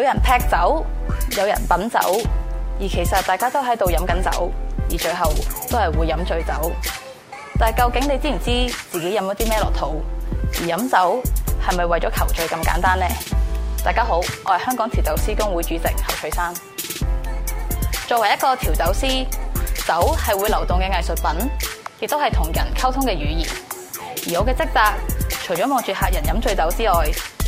有人劈酒，有人品酒，而其實大家都喺度飲緊酒，而最後都係會飲醉酒。但係究竟你知唔知自己飲咗啲咩落肚？而飲酒係咪為咗求醉咁簡單呢？大家好，我係香港調酒師工會主席侯翠山。作為一個調酒師，酒係會流動嘅藝術品，亦都係同人溝通嘅語言。而我嘅職責，除咗望住客人飲醉酒之外，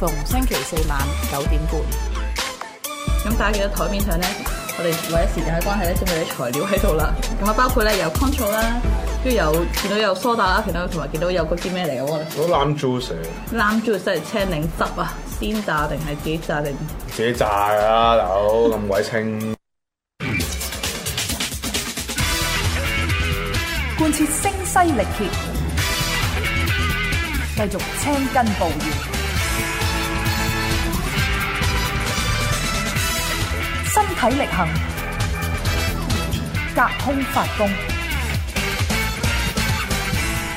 逢星期四晚九點半，咁大家記得台面上咧？我哋為咗時間嘅關係咧，準備啲材料喺度啦。咁啊，包括咧有 control 啦，都有見到有梳打啦，其他同埋見到有嗰啲咩料？攞檸汁，檸汁即係青檸汁啊！鮮榨定係自己炸定？自己炸啊！老咁鬼清，貫徹 聲嘶力竭，繼續青筋暴現。體力行，隔空發功，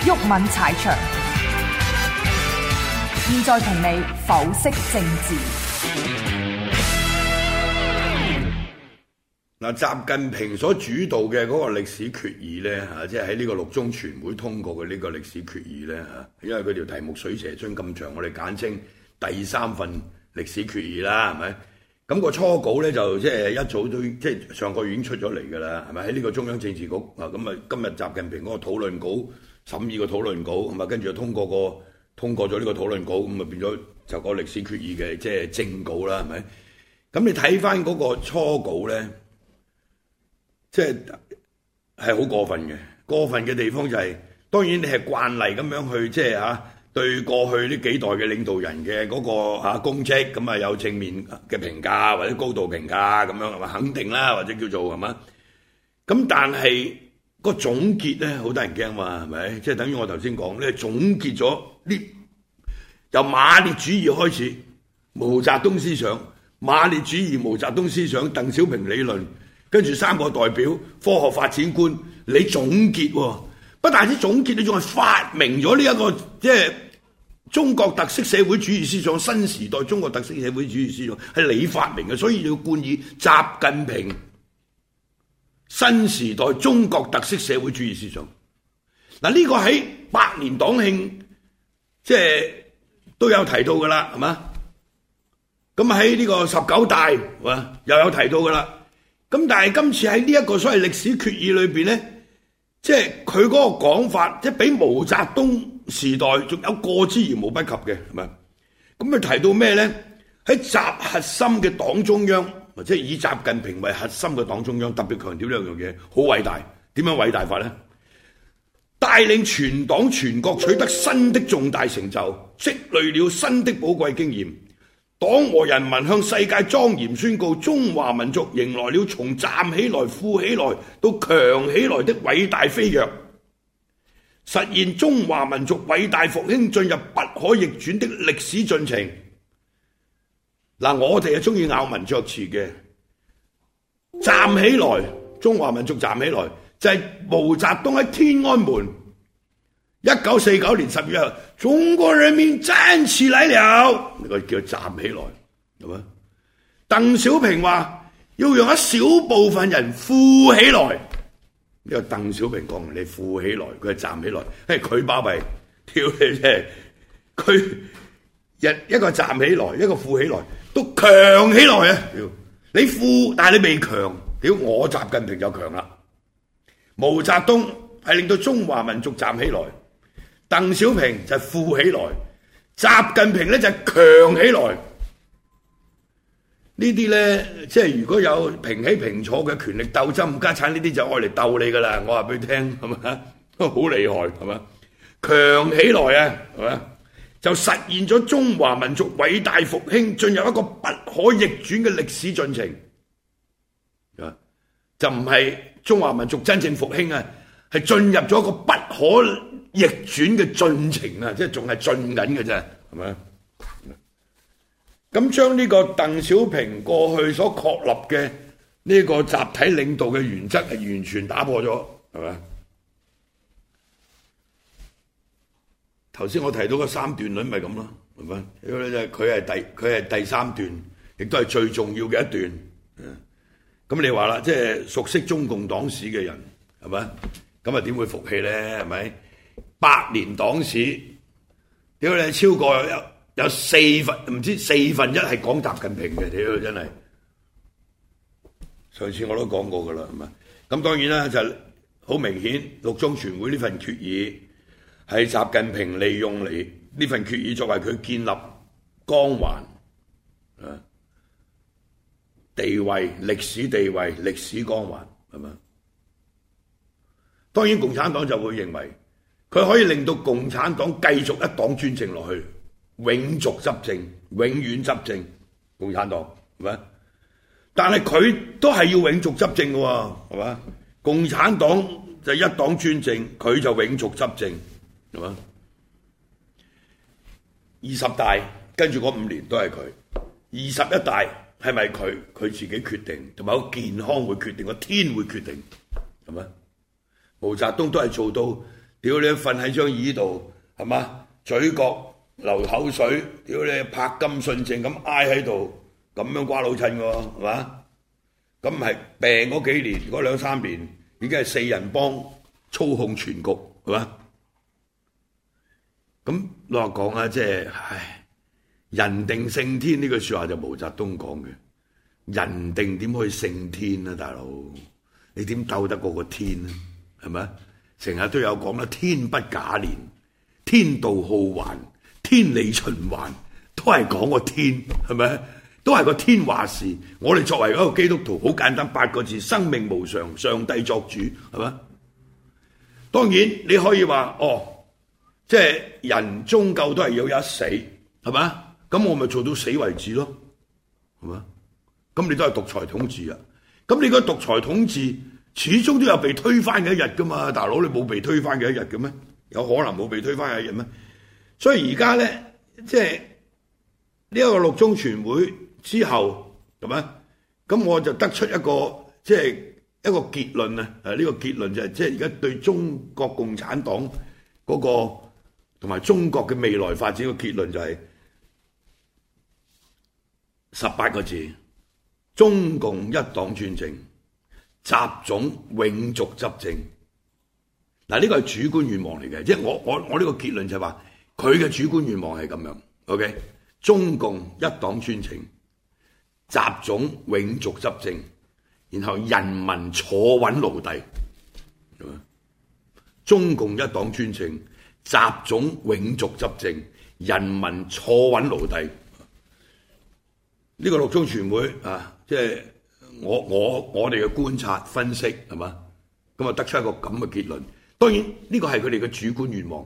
毓民踩場，現在同你剖析政治。嗱，習近平所主導嘅嗰個歷史決議咧，吓，即係喺呢個六中全會通過嘅呢個歷史決議咧，吓，因為佢條題目水蛇春咁長，我哋簡稱第三份歷史決議啦，係咪？咁個初稿咧就即、是、係一早都即係上個月已經出咗嚟㗎啦，係咪？喺呢個中央政治局啊，咁啊，今日習近平嗰個討論稿審議討論稿、那個、個討論稿，咁咪跟住就通過個通過咗呢個討論稿，咁啊變咗就個歷史決議嘅即係正稿啦，係、就、咪、是？咁你睇翻嗰個初稿咧，即係好過分嘅，過分嘅地方就係、是、當然你係慣例咁樣去即係、就是啊對過去呢幾代嘅領導人嘅嗰個功績咁啊有正面嘅評價或者高度評價咁樣，係嘛，肯定啦，或者叫做係嘛？咁但係、個總結咧好得人驚嘛係咪？即係、就是、等於我頭先講咧總結咗呢由馬列主義開始，毛澤東思想、馬列主義、毛澤東思想、鄧小平理論，跟住三個代表、科學發展觀，你總結喎、啊，不但止總結，你仲係發明咗呢一個即係。中國特色社會主義思想、新時代中國特色社會主義思想係你發明嘅，所以要冠以習近平新時代中國特色社會主義思想。嗱，呢個喺百年黨慶即係都有提到嘅啦，係嘛？咁喺呢個十九大啊又有提到嘅啦。咁但係今次喺呢一個所謂歷史決議裏面咧，即係佢嗰個講法，即係比毛澤東。時代仲有過之而無不及嘅，係咪？咁佢提到咩呢？喺習核心嘅黨中央，或者以習近平為核心嘅黨中央，特別強調兩樣嘢，好偉大。點樣偉大法呢？帶領全黨全國取得新的重大成就，積累了新的寶貴經驗。黨和人民向世界莊嚴宣告：中華民族迎來了從站起來、富起來到強起來的偉大飛躍。實現中華民族偉大復興進入不可逆轉的歷史進程。嗱，我哋係中意咬文嚼字嘅，站起來，中華民族站起來就係、是、毛澤東喺天安門一九四九年十月後，中國人民站起來了。呢、這個叫站起來，係嘛？鄧小平話要讓一小部分人富起來。呢個鄧小平講，你富起來，佢係站起來，嘿，佢巴閉，屌你佢一一個站起來，一個富起來，都強起來你富，但你未強，屌我習近平就強啦。毛澤東係令到中華民族站起來，鄧小平就富起來，習近平呢就是強起來。呢啲呢，即係如果有平起平坐嘅權力鬥爭，唔家產呢啲就愛嚟鬥你噶啦！我話俾你聽，係咪好厲害？係咪強起來啊？係咪就實現咗中華民族偉大復興，進入一個不可逆轉嘅歷史進程。就就唔係中華民族真正復興啊，係進入咗一個不可逆轉嘅進程啊，即係仲係進緊嘅啫，係咪？咁將呢個鄧小平過去所確立嘅呢個集體領導嘅原則係完全打破咗，係咪？頭先我提到嗰三段論咪咁咯，佢係第佢係第三段，亦都係最重要嘅一段。咁你話啦，即係熟悉中共黨史嘅人係咪？咁啊點會服氣咧？係咪？百年黨史，屌你超過有四分，唔知四分一係講習近平嘅，屌，真係上次我都講過㗎喇，係嘛？咁當然啦，就好明顯六中全會呢份決議係習近平利用你呢份決議作為佢建立光環啊地位、歷史地位、歷史光環係嘛？當然共產黨就會認為佢可以令到共產黨繼續一黨專政落去。永續執政，永遠執政，共產黨係咪？但係佢都係要永續執政嘅，係嘛？共產黨就一黨專政，佢就永續執政，係嘛？二十大跟住嗰五年都係佢，二十一大係咪佢？佢自己決定，同埋個健康會決定，個天會決定，係嘛？毛澤東都係做到，屌你，瞓喺張椅度，係嘛？嘴角。流口水，屌你拍金信正咁挨喺度，咁樣瓜老襯喎，係嘛？咁係病嗰幾年，嗰兩三年已經係四人幫操控全局，係嘛？咁老實講啊，即係，唉，人定勝天呢句說話就毛澤東講嘅。人定點可以勝天啊大佬，你點鬥得過個天呢？係咪成日都有講啦？天不假年，天道好還。天理循環都係講個天，係咪？都係個天話事。我哋作為一個基督徒，好簡單八個字：生命無常，上帝作主，係咪？當然你可以話哦，即係人終究都係有一死，係嘛？咁我咪做到死為止咯，係嘛？咁你都係獨裁統治啊？咁你個獨裁統治始終都有被推翻嘅一日㗎嘛？大佬你冇被推翻嘅一日嘅咩？有可能冇被推翻嘅一日咩？所以而家咧，即係呢一個六中全會之後，係咪？咁我就得出一個即係一個結論啊！誒，呢個結論就係即係而家對中國共產黨嗰個同埋中國嘅未來發展嘅結論就係十八個字：中共一黨專政，習總永續執政。嗱，呢個係主觀願望嚟嘅，即係我我我呢個結論就係話。佢嘅主觀願望係咁樣，OK？中共一黨專政，習總永續執政，然後人民坐穩奴隸。嗯，中共一黨專政，習總永續執政，人民坐穩奴隸。呢、這個六中全會啊，即、就、係、是、我我我哋嘅觀察分析，係嘛？咁啊，得出一個咁嘅結論。當然呢個係佢哋嘅主觀願望。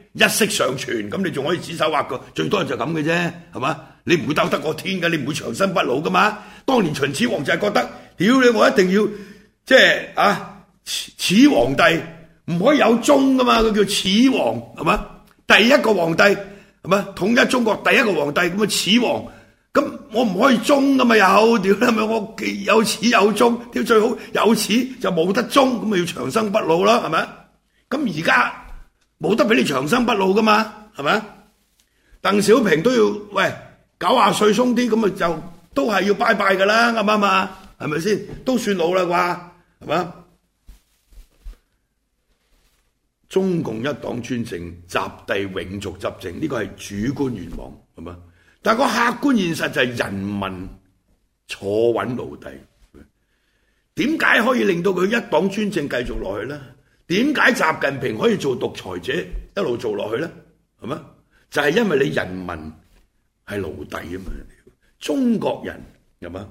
一息尚存，咁你仲可以指手畫腳，最多人就咁嘅啫，係嘛？你唔會鬥得過天噶，你唔會長生不老噶嘛？當年秦始皇就係覺得，屌你，我一定要即係啊，始皇帝唔可以有終噶嘛？佢叫始皇，係嘛？第一個皇帝，係嘛？統一中國第一個皇帝咁叫始皇，咁我唔可以終噶嘛？有，屌你係咪我既有始有終？屌最好有始就冇得終，咁咪要長生不老啦？係咪？咁而家。冇得俾你長生不老噶嘛，係咪啊？鄧小平都要喂九廿歲鬆啲，咁咪就都係要拜拜噶啦，啱唔啱啊？係咪先？都算老啦啩，係咪？中共一黨專政，習總永續執政，呢個係主觀願望，係嘛？但係個客觀現實就係人民坐穩奴隸，點解可以令到佢一黨專政繼續落去咧？點解習近平可以做獨裁者一路做落去呢？係咪？就係因為你人民係奴隸啊嘛！中國人係嘛？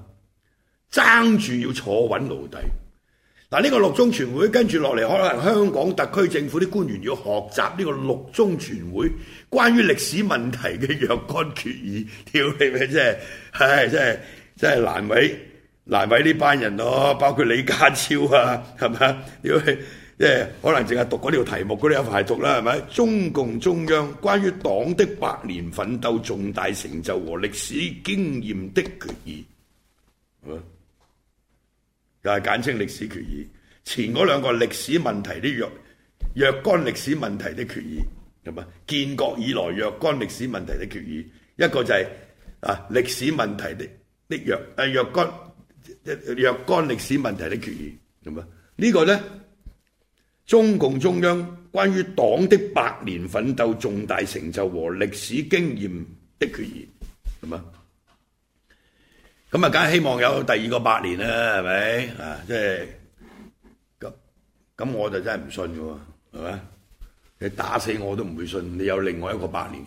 爭住要坐穩奴隸。嗱，呢個六中全會跟住落嚟，可能香港特區政府啲官員要學習呢個六中全會關於歷史問題嘅若干決議。屌你咪真係，唉，真係真係難為難為呢班人咯，包括李家超啊，係嘛？即係可能淨係讀嗰條題目嗰啲有排讀啦，係咪？中共中央關於黨的百年奮鬥重大成就和歷史經驗的決議，好啊，又係簡稱歷史決議。前嗰兩個歷史問題的若若干歷史問題的決議，係咪？建國以來若干歷史問題的決議，一個就係啊歷史問題的的若誒若干若干歷史問題的決議，係咪？呢個咧？中共中央關於黨的百年奮鬥重大成就和歷史經驗的決議，係嘛？咁啊，梗係希望有第二個百年啦，係咪？啊，即係咁我就真係唔信嘅喎，係咪？你打死我都唔會信，你有另外一個百年，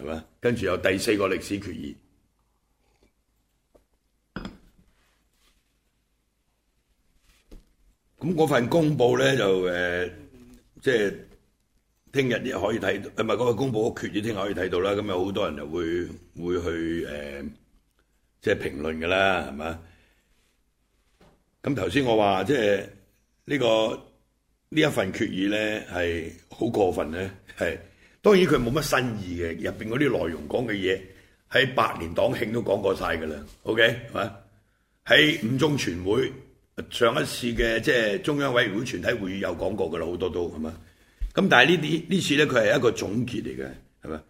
係咪？跟住有第四個歷史決議。咁嗰份公佈咧就誒，即係聽日可以睇到。係咪嗰個公佈決議聽日可以睇到啦。咁有好多人就會會去誒，即係評論㗎啦，係嘛？咁頭先我話即係呢個呢一份決議咧係好過分咧，係當然佢冇乜新意嘅，入面嗰啲內容講嘅嘢喺百年黨慶都講過晒㗎啦。OK 係嘛？喺五中全會。上一次嘅即係中央委員會全體會議有講過嘅啦，好多都係嘛？咁但係呢啲呢次咧，佢係一個總結嚟嘅，係嘛。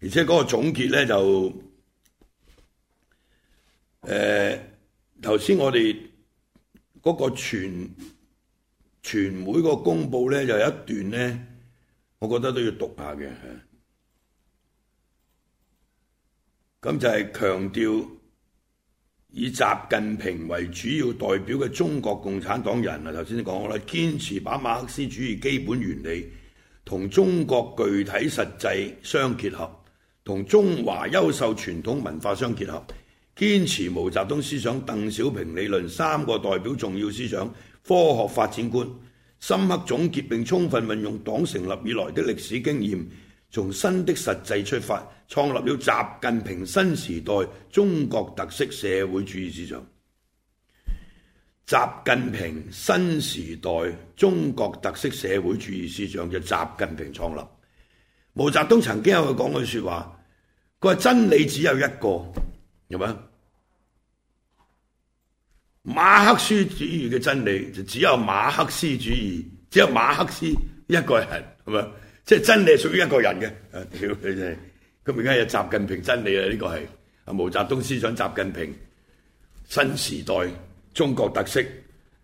而且嗰個總結咧就誒頭先我哋嗰個全全會個公佈咧，就、呃、呢有一段咧，我覺得都要讀下嘅嚇。咁就係強調。以習近平為主要代表嘅中國共產黨人啊，頭先講啦，堅持把馬克思主義基本原理同中國具體實際相結合，同中華優秀傳統文化相結合，堅持毛澤東思想、鄧小平理論“三個代表”重要思想、科學發展觀，深刻總結並充分運用黨成立以來的歷史經驗。從新的實際出發，創立了習近平新時代中國特色社會主義思想。習近平新時代中國特色社會主義思想就習近平創立。毛澤東曾經有講過句説話，佢話真理只有一個，係咪啊？馬克思主義嘅真理就只有馬克思主義，只有馬克思一個人，係咪？即係真理係屬於一個人嘅，誒，屌佢哋，咁而家有習近平真理啊？呢、這個係啊毛澤東思想，習近平新時代中國特色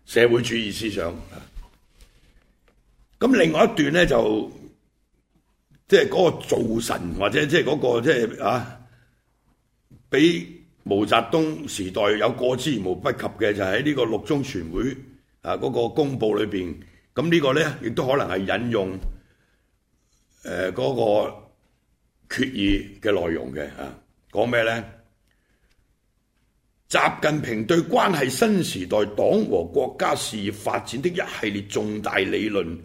社會主義思想。咁另外一段咧，就即係嗰個造神或者即係嗰個即係、就是、啊，俾毛澤東時代有過之而無不及嘅，就喺、是、呢個六中全會啊嗰、那個公佈裏邊。咁呢個咧亦都可能係引用。誒嗰，呃那個決議嘅內容嘅嚇，講，啊、咩呢？習近平對關係新時代黨和國家事業發展的一系列重大理論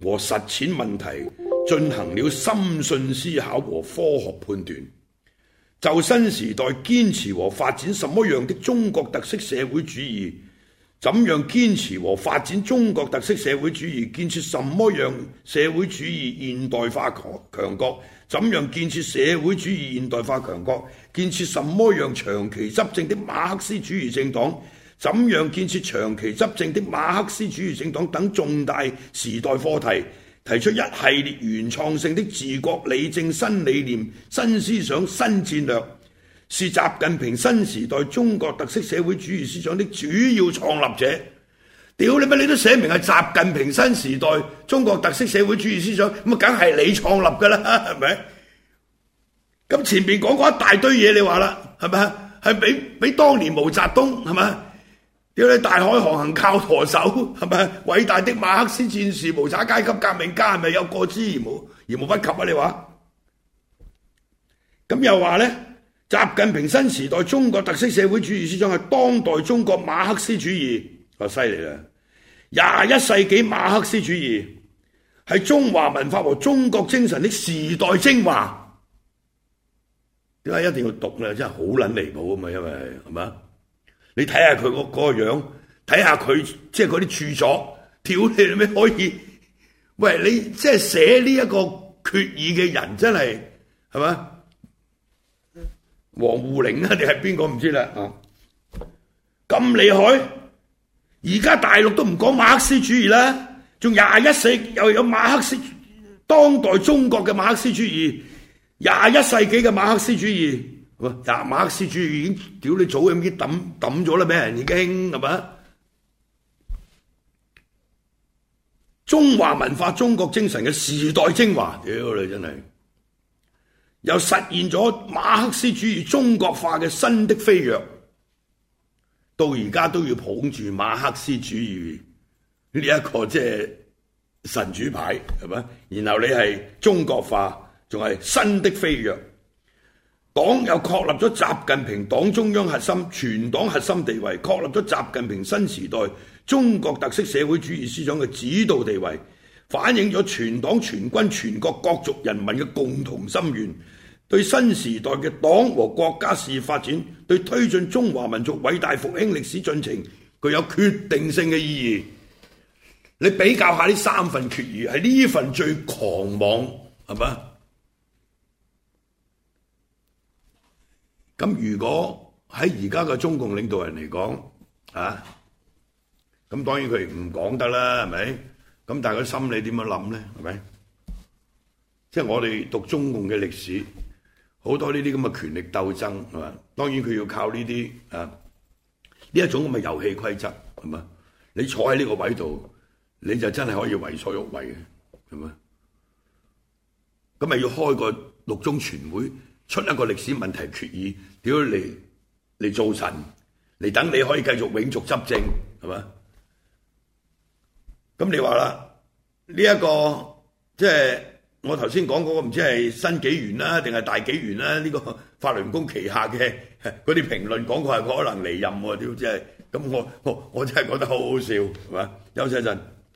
和實踐問題進行了深信思考和科學判斷，就新時代堅持和發展什麼樣的中國特色社會主義？怎樣堅持和發展中國特色社會主義？建設什麼樣社會主義現代化強國國？怎樣建設社會主義現代化強國？建設什麼樣長期執政的馬克思主義政黨？怎樣建設長期執政的馬克思主義政黨？等重大時代課題，提出一系列原創性的治國理政新理念、新思想、新戰略。是習近平新時代中國特色社會主義思想的主要創立者，屌你乜你都寫明係習近平新時代中國特色社會主義思想，咁啊梗係你創立噶啦，係咪？咁前面講過一大堆嘢，你話啦，係咪？係比比當年毛澤東，係咪？屌你大海航行靠舵手，係咪？偉大的馬克思戰士無產階級革命家，係咪有過之而冇而冇不及啊？你話？咁又話咧？習近平新時代中國特色社會主義思想係當代中國馬克思主義，啊犀利啦！廿一世紀馬克思主義係中華文化和中國精神的時代精華。點解一定要讀呢？真係好捻離譜啊嘛！因為係嘛，你睇下佢嗰嗰個樣，睇下佢即係嗰啲著作，屌你，係咪可以？喂，你即係寫呢一個決議嘅人，真係係嘛？王滬寧啊，定係邊個唔知啦？啊，咁厲害！而家大陸都唔講馬克思主義啦，仲廿一世又有馬克思主義，當代中國嘅馬克思主義，廿一世紀嘅馬克思主義，馬克思主義已經屌你早已經抌抌咗啦，俾人已經係嘛？中華文化、中國精神嘅時代精華，屌你真係！又實現咗馬克思主義中國化嘅新的飛躍，到而家都要捧住馬克思主義呢一個即係神主牌，係咪？然後你係中國化，仲係新的飛躍。黨又確立咗習近平黨中央核心、全黨核心地位，確立咗習近平新時代中國特色社會主義思想嘅指導地位。反映咗全黨全軍全國各族人民嘅共同心願，對新時代嘅黨和國家事業發展，對推進中華民族偉大復興歷史進程，具有決定性嘅意義。你比較下呢三份決議，係呢份最狂妄，係嘛？咁如果喺而家嘅中共領導人嚟講，啊，咁當然佢唔講得啦，係咪？咁大家心理點樣諗咧？係咪？即係我哋讀中共嘅歷史，好多呢啲咁嘅權力鬥爭係嘛？當然佢要靠呢啲啊呢一種咁嘅遊戲規則係嘛？你坐喺呢個位度，你就真係可以為所欲為嘅係嘛？咁咪要開個六中全會，出一個歷史問題決議，屌你嚟做神嚟等，你可以繼續永續執政係嘛？咁你話啦，呢一個即係我頭先講嗰個唔知係新紀元啦，定係大紀元啦？呢個法輪功旗下嘅嗰啲評論講佢係可能離任喎、啊，屌，即係咁我我我真係覺得好好笑，係嘛？休息一陣。